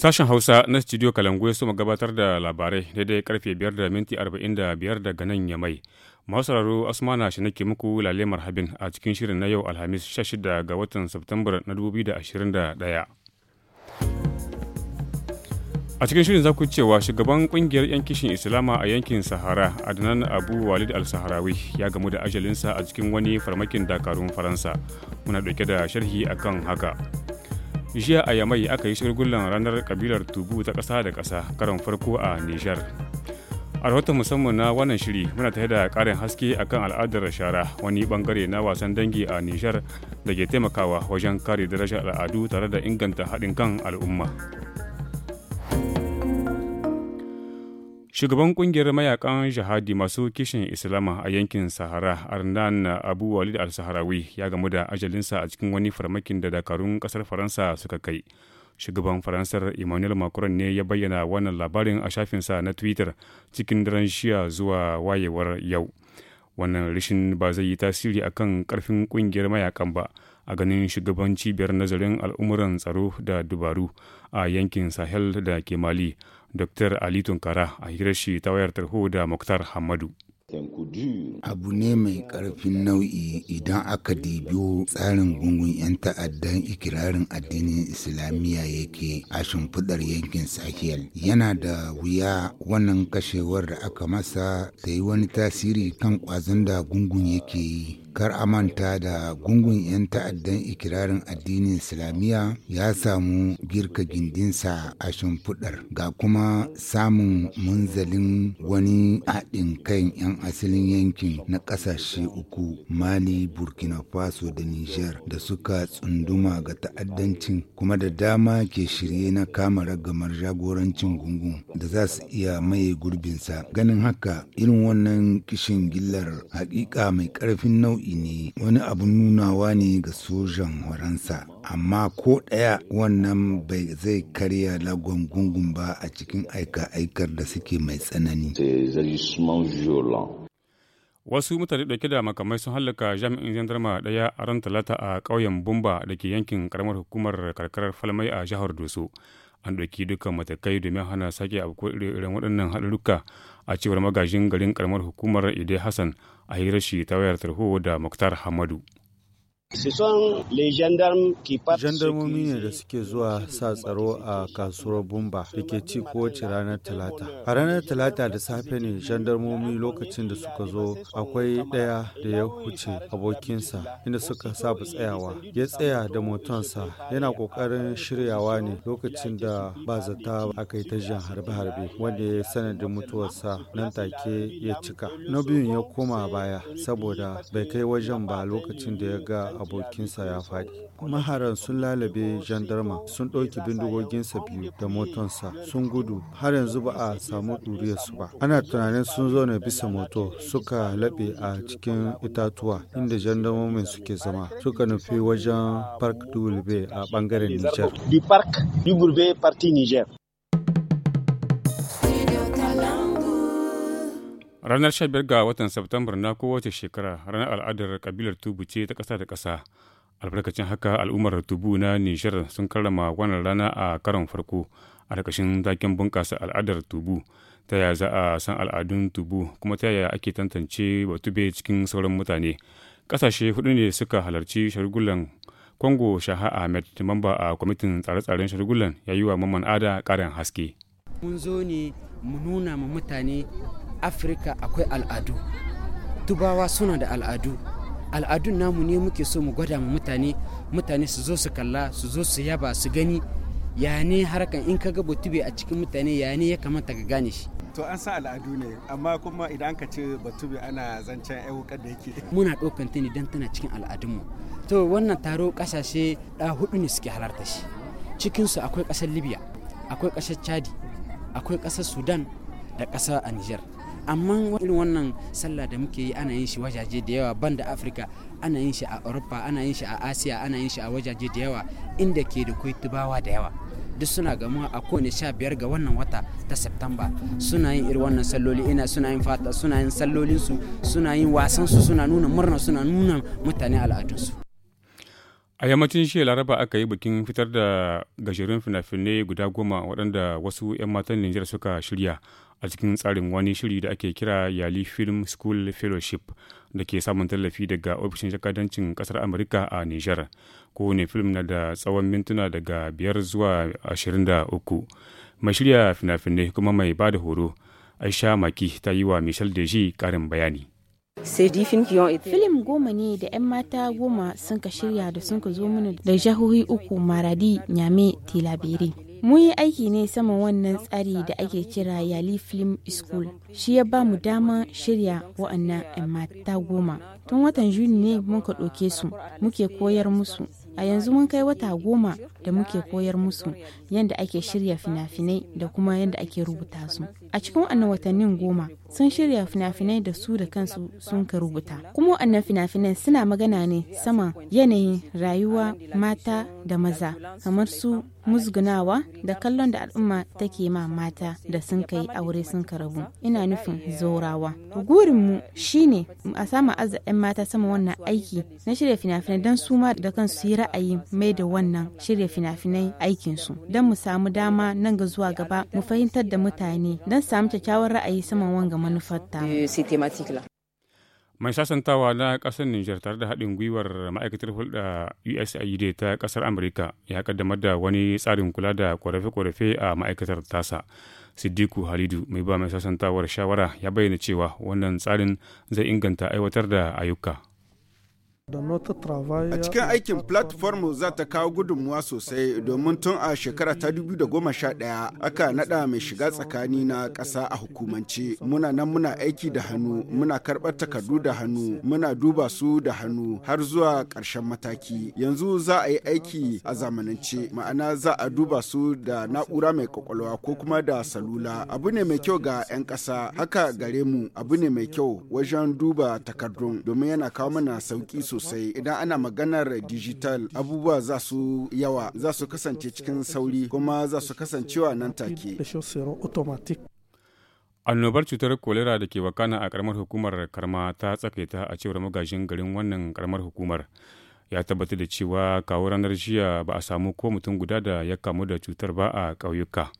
Sashen Hausa na Studio Kalangu ya soma gabatar da labarai daidai karfe 5 da minti 45 daga nan ya mai. Masu sauraro Asmana shi nake muku lale marhabin a cikin shirin na yau Alhamis 16 ga watan Septembar na 2021. A cikin shirin za ku cewa shugaban kungiyar 'yan kishin Islama a yankin Sahara Adnan Abu Walid Al-Saharawi ya gamu da ajalinsa a cikin wani farmakin dakarun Faransa. Muna ɗauke da sharhi akan haka. jiya a yamai aka yi shirgullan ranar kabilar tubu ta ƙasa da ƙasa karon farko a nijar a rahoton musamman na wannan shiri muna tare da ƙarin haske akan al'adar shara wani bangare na wasan dangi a nijar da ke taimakawa wajen kare darajar al'adu tare da inganta haɗin kan al'umma shugaban kungiyar mayakan jihadi masu kishin islama a yankin sahara arnan abu walid al-saharawi ya gamu da ajalinsa a cikin wani farmakin da dakarun kasar faransa suka kai shugaban faransar emmanuel macron ne ya bayyana wannan labarin a shafinsa na twitter cikin daren shiya zuwa wayewar yau wannan rishin ba zai yi tasiri akan karfin kungiyar mayakan ba a ganin shugaban cibiyar nazarin al'umuran tsaro da dubaru a yankin sahel da ke mali Dr. Ali Tunkara a hirar shi ta wayar tarho da Muktar Hamadu. abu ne mai ƙarfin nau'i idan aka dibiyo tsarin gungun 'yan ta'addan ikirarin addinin islamiyya yake a shimfiɗar yankin sahel yana da wuya wannan kashewar da aka masa ta yi wani tasiri kan ƙwazon da gungun yake yi kar a manta da gungun 'yan ta'addan ikirarin addinin islamiyya ya samu girka gindinsa a shimfiɗar ga kuma samun munzalin wani haɗin kan 'yan asalin yankin na ƙasashe uku mali burkina faso da niger da suka tsunduma ga ta'addancin kuma da dama ke shirye na kama ragamar jagorancin gungun da za su iya maye gurbinsa ganin haka irin wannan kishin gillar hakika mai ƙarfin nau'i nau'i ne wani abun nunawa ne ga sojan Faransa, amma ko ɗaya wannan bai zai karya lagon gungun ba a cikin aika-aikar da suke mai tsanani. Wasu mutane ɗauke da makamai sun hallaka jami'in jandarma ɗaya a ran talata a ƙauyen Bumba da ke yankin karamar hukumar karkarar Falmai a jihar Doso. an ɗauki duka matakai domin hana sake abu irin waɗannan haɗarurruka a cewar magajin garin karamar hukumar ide hassan a hirar shi ta wayar tarho da Muktar Hamadu. Jandarmomi ne da suke zuwa sa tsaro a kasuwar Bumba da ke ci kowace ranar Talata. A ranar Talata da safe ne jandarmomi lokacin da suka zo akwai ɗaya da ya huce abokinsa inda suka saba tsayawa. Ya tsaya da motonsa yana ƙoƙarin shiryawa ne lokacin da ba zata aka yi ta jan harbe-harbe wanda ya sanadin mutuwarsa nan take ya cika. Na biyun ya koma baya saboda bai kai wajen ba lokacin da ya ga abokinsa ya faɗi. Maharan sun lalabe jandarma sun ɗauki bindigoginsa biyu da motonsa sun gudu har yanzu ba a samu ɗuriyarsu ba. Ana tunanin sun zo ne bisa moto suka laɓe a cikin itatuwa inda jandarmomin suke zama suka nufi wajen Park Dulbe a ɓangaren niger. Di Park Parti Nijar. Ranar 15 ga watan Satumbar na kowace shekara ranar al'adar kabilar Tubu ce ta ƙasa da ƙasa. Albarkacin haka al'ummar Tubu na nishar sun karrama wannan rana a karon farko a ƙarƙashin zakin bunƙasa al'adar Tubu. Ta yaya za a san al'adun Tubu kuma ta yaya ake tantance Batube cikin sauran mutane. Ƙasashe hudu ne suka halarci shargulan kwango Shaha Ahmed, mamba a kwamitin tsare-tsaren shargulan ya yi wa mamman Ada ƙarin haske. Mun zo ne mu nuna ma mutane afirka akwai al'adu tubawa suna da al'adu al'adun namu ne muke so mu gwada mu mutane mutane su zo su kalla su zo su yaba su gani ya ne harkan in kaga batube a cikin mutane ya ne ya kamata ka gane shi to an sa al'adu ne amma kuma idan ka ce batube ana zancen ayyukan da yake muna ɗaukan ta ne don tana cikin al'adunmu to wannan taro kasashe da hudu ne suke halarta shi cikinsu akwai kasar libya akwai kasar chadi akwai kasar sudan da kasar niger amma irin wannan sallah da muke yi ana yin shi wajaje da yawa ban da afirka ana yin shi a europa ana yin shi a asiya ana yin shi a wajaje da yawa inda ke da kwai tubawa da yawa duk suna gamuwa a kowane sha biyar ga wannan wata ta septamba suna yin irin wannan salloli ina suna yin fata suna yin sallolinsu suna yin wasansu suna nuna murna suna nuna mutane al'adunsu A yammacin shi Laraba aka yi bikin fitar da gajerun fina-finai guda goma waɗanda wasu 'yan matan Nijar suka shirya a cikin tsarin wani shiri da ake kira Yali Film School Fellowship da ke samun tallafi daga ofishin jakadancin ƙasar Amurka a Nijar. Kowane film na da tsawon mintuna daga biyar zuwa ashirin da uku. Mai shirya fina-finai kuma mai ba da horo, Aisha Maki ta yi wa Michel Deji ƙarin bayani. Filim goma ne da 'yan mata goma sun ka shirya da sun ka zo mana da jahohi uku Maradi, Nyame, Tilabere. Mun yi aiki ne saman wannan tsari da ake kira Yali Film School. Shi ya ba mu dama shirya wa'annan 'yan mata goma. Tun watan Juni ne muka ɗauke su, muke koyar musu. a yanzu mun kai wata goma da muke koyar musu yadda ake shirya fina-finai da kuma yadda ake rubuta su A cikin wannan watannin goma sun shirya fina-finai da su da kansu sun ka rubuta. Kuma wannan fina-finan suna magana ne saman yanayin rayuwa mata da maza kamar su musgunawa da kallon da al'umma take ma mata da sun kai aure sun ka rabu. Ina nufin zorawa. Gurinmu shine a sama azza 'yan mata sama wannan aiki na shirya fina-finai don su ma da kansu yi ra'ayi mai da wannan shirya fina-finai aikinsu don mu samu dama nan ga zuwa gaba mu fahimtar da mutane don don samu kyakkyawan ra'ayi saman wanga manufarta. Eh, mai sasantawa na ƙasar Nijar tare da haɗin gwiwar ma'aikatar hulɗa USAID ta ƙasar Amurka ya kaddamar da wani tsarin kula da ƙorafe-ƙorafe a ma'aikatar tasa. Siddiku Halidu mai ba mai sasantawar shawara ya bayyana cewa wannan tsarin zai inganta aiwatar da ayyuka. A cikin aikin platform za ta kawo gudunmuwa sosai domin tun a shekara ta 2011 aka nada mai shiga tsakani na ƙasa a hukumance. Muna nan muna aiki da hannu, muna karɓar takardu da hannu, muna duba su da hannu har zuwa ƙarshen mataki. Yanzu za a yi aiki a zamanance, ma'ana za a duba su da na'ura mai kwakwalwa ko kuma da salula. Abu ne mai kyau ga 'yan ƙasa, haka gare mu abu ne mai kyau wajen duba takardun domin yana kawo mana sauƙi sosai. sosai idan ana maganar digital abubuwa za su yawa za su kasance cikin sauri kuma za su kasancewa nan take. annobar cutar kolera da ke wakana a karamar hukumar karma ta tsakaita a cewar magajin garin wannan karamar hukumar ya tabbatar da cewa kawo ranar jiya ba a samu ko mutum guda da ya kamu da cutar ba a ƙauyuka.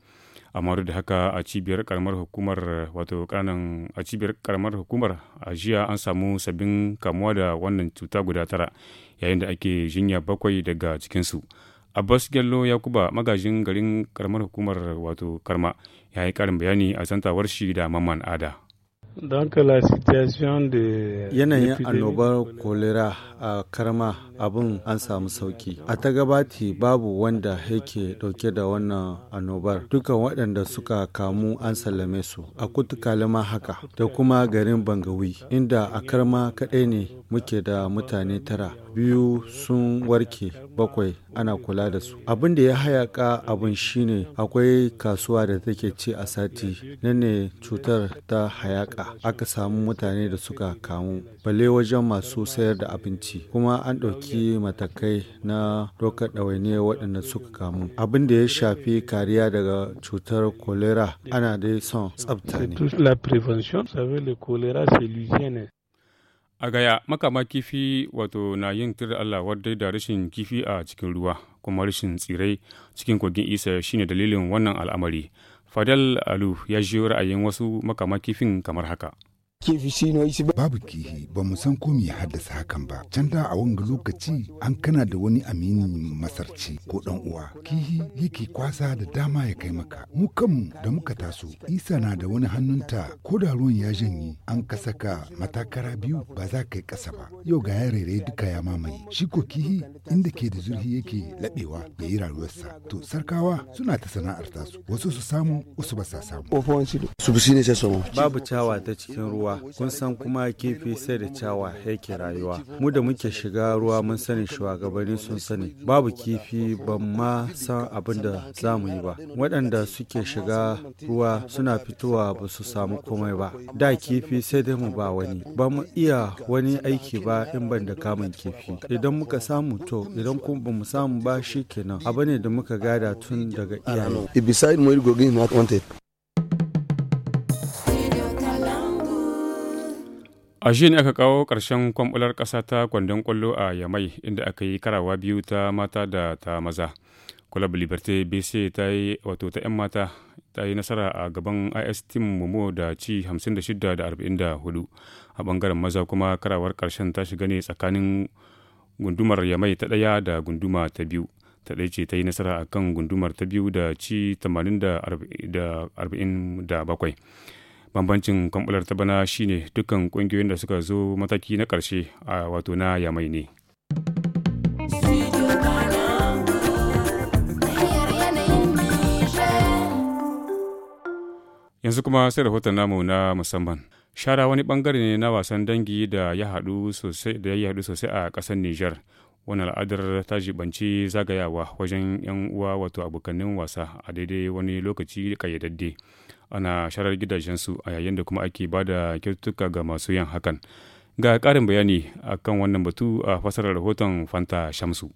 amma duk da haka a cibiyar karamar hukumar wato kanan a cibiyar karamar hukumar a jiya an samu sabbin kamuwa da wannan cuta guda tara yayin da ake jinya bakwai daga cikinsu abbas gello yakuba magajin garin karamar hukumar wato karma ya yi karin bayani a santawar shi da mamman ada Yanayin annobar kolera a karma abin an samu sauki. A ta gabati babu wanda yake dauke da wannan annobar. Dukan waɗanda suka kamu an sallame su. A kutukalima haka da kuma garin Bangawi, inda a karma kaɗai ne muke da mutane tara. biyu sun warke bakwai ana kula da su abin da ya hayaka abin shine akwai kasuwa da take ci a sati nan ne cutar ta hayaka aka samu mutane da suka kamu bale wajen masu sayar da abinci kuma an ɗauki matakai na doka ɗawainiya waɗanda suka kamu abin da ya shafi kariya daga cutar kolera ana dai son tsabta ne A gaya makama kifi wato na yin tir Allah wadda da rashin kifi a cikin ruwa kuma rashin tsirai cikin kogin isa shine dalilin wannan al'amari. Fadal Alu ya ji ra'ayin wasu makama kifin kamar haka. fi ba. Babu kihi ba mu san ko ya haddasa hakan ba. Can da a wanga lokaci an kana da wani amini masarci ko dan uwa. Kihi yake kwasa da dama ya kai maka. Mu kanmu da muka taso, Isa na da wani hannunta ko da ruwan ya janye an ka saka matakara biyu ba za ka yi kasa ba. Yau ga yarere duka ya mamaye. Shi ko kihi inda ke da zurfi yake laɓewa ya yi rayuwarsa. To sarkawa suna ta sana'ar tasu. Wasu su samu, wasu ba sa samu. Babu cawa ta cikin ruwa rayuwa kun san kuma kifi sai da cawa yake rayuwa mu da muke shiga ruwa mun sani shugabanni sun sani babu kifi ban ma san abin da za mu yi ba waɗanda suke shiga ruwa suna fitowa ba su samu komai ba da kifi sai dai mu ba wani ba mu iya wani aiki ba in ban da kamun kifi idan muka samu to idan kun ba mu samu ba shi kenan abu ne da muka gada tun daga iyaye A shi ne aka kawo ƙarshen kwambular ƙasa ta kwandon kwallo a Yamai inda aka yi karawa biyu ta mata da ta maza. Kulab Liberté BC ta yi wato ta 'yan mata ta yi nasara a gaban IS Team Momo da ci 56 da 44. A bangaren maza kuma karawar ƙarshen ta shiga ne tsakanin gundumar Yamai ta ɗaya da gunduma ta biyu. Ta ɗaya ce ta yi nasara a kan gundumar ta biyu da ci 87. bambancin kwambular ta bana shine dukkan kungiyoyin da suka zo mataki na karshe a wato na yamai ne yanzu kuma sai rahoton namu na musamman shara wani bangare ne na wasan dangi da ya haɗu sosai a ƙasar niger wani al'adar ta jibanci zagayawa wajen 'yan uwa wato abokanin wasa a daidai wani lokaci kayyadadde ana sharar gidajensu a yayin da kuma ake bada da kyaututtuka ga masu yin hakan ga ƙarin bayani a kan wannan batu a fasarar rahoton fanta shamsu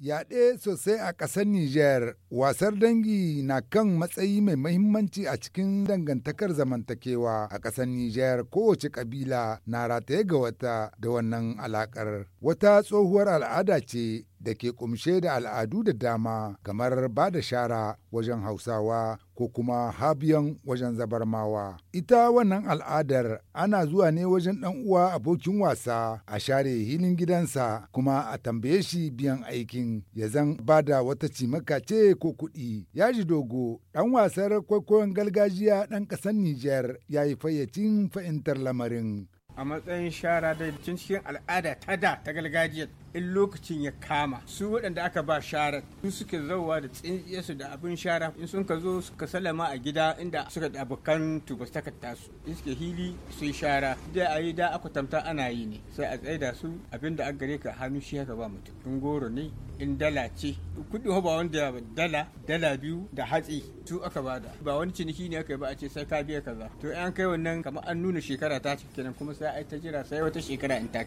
yaɗe sosai a ƙasar niger wasar dangi na kan matsayi mai mahimmanci a cikin dangantakar zamantakewa a ƙasar niger kowace ƙabila na rataye ga wata da wannan alaƙar. Wata tsohuwar al'ada ce da ke kumshe da al'adu da dama kamar ba da shara wajen hausawa ko kuma habiyan wajen zabarmawa. Ita wannan al'adar ana zuwa ne wajen ɗan uwa abokin wasa a share hilin gidansa kuma a tambaye shi biyan aikin ya zan ba da wata cimaka ce ko kuɗi. ji dogo ɗan wasar kwaikwayon gargajiya ɗan ƙasar Nijar ya yi fayyacin fahimtar lamarin. A matsayin shara da cikin al'ada ta da ta gargajiya in lokacin ya kama su waɗanda aka ba shara su suke zauwa da tsintsiyarsu da abin shara in sun ka zo suka salama a gida inda suka da abokan tubas takarta su in suke hili su shara da a yi da aka tamta ana yi ne sai a tsaida su abin da an gare ka hannu shi haka ba mutum in goro ne in dala ce kuɗi ba wanda ya dala dala biyu da hatsi su aka bada ba wani ciniki ne aka yi ba a ce sai ka biya kaza to an kai wannan kamar an nuna shekara ta kenan kuma sai a ta jira sai wata shekara in ta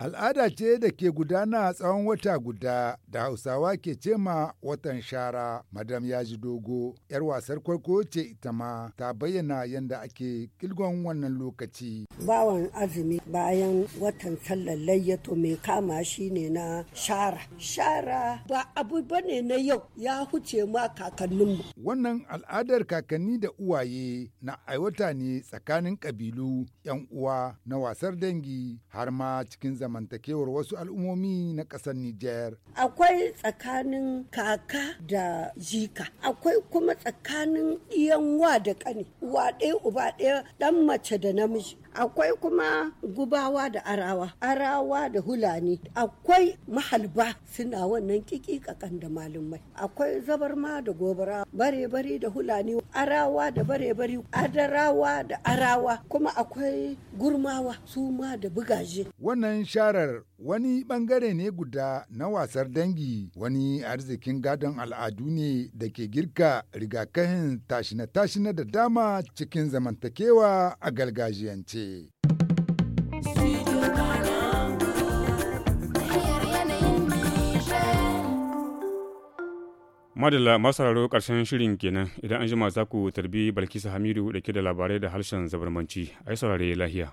Al'ada ce da ke gudana a tsawon wata guda da Hausawa ke cema watan shara, Madam Yaji Dogo, 'yar wasar kwarko ce ita ma ta bayyana yadda ake kilgon wannan lokaci. Bawan azumi bayan watan sallar layyato mai kama shi ne na shara. Shara ba abu ba ne na yau ya huce ma kakanninmu. Wannan al'adar kakanni da uwaye na aiwata ne tsakanin ƙabilu, 'yan uwa na wasar dangi har ma cikin zama. zamantakewar wasu al'ummomi na ƙasar Nijar. Akwai tsakanin kaka da jika, akwai kuma tsakanin iyanwa da ƙani, uwa ɗaya uba ɗaya ɗan mace da namiji. akwai kuma gubawa da arawa arawa da hulani akwai mahalba suna wannan kiki kakan da malumai akwai zabarma da gobara bare-bare da hulani arawa da bare-bare adarawa da arawa kuma akwai gurmawa suma da bugaje wannan sharar wani ɓangare ne guda na wasar dangi wani arzikin gadon al'adu ne da ke girka rigakafin tashina-tashina da dama cikin zamantakewa a gargajiyance. madalla masararo karshen shirin kenan idan an jima za ku tarbi balkisa hamidu da ke da labarai da harshen zabarmanci ai saurare lahiya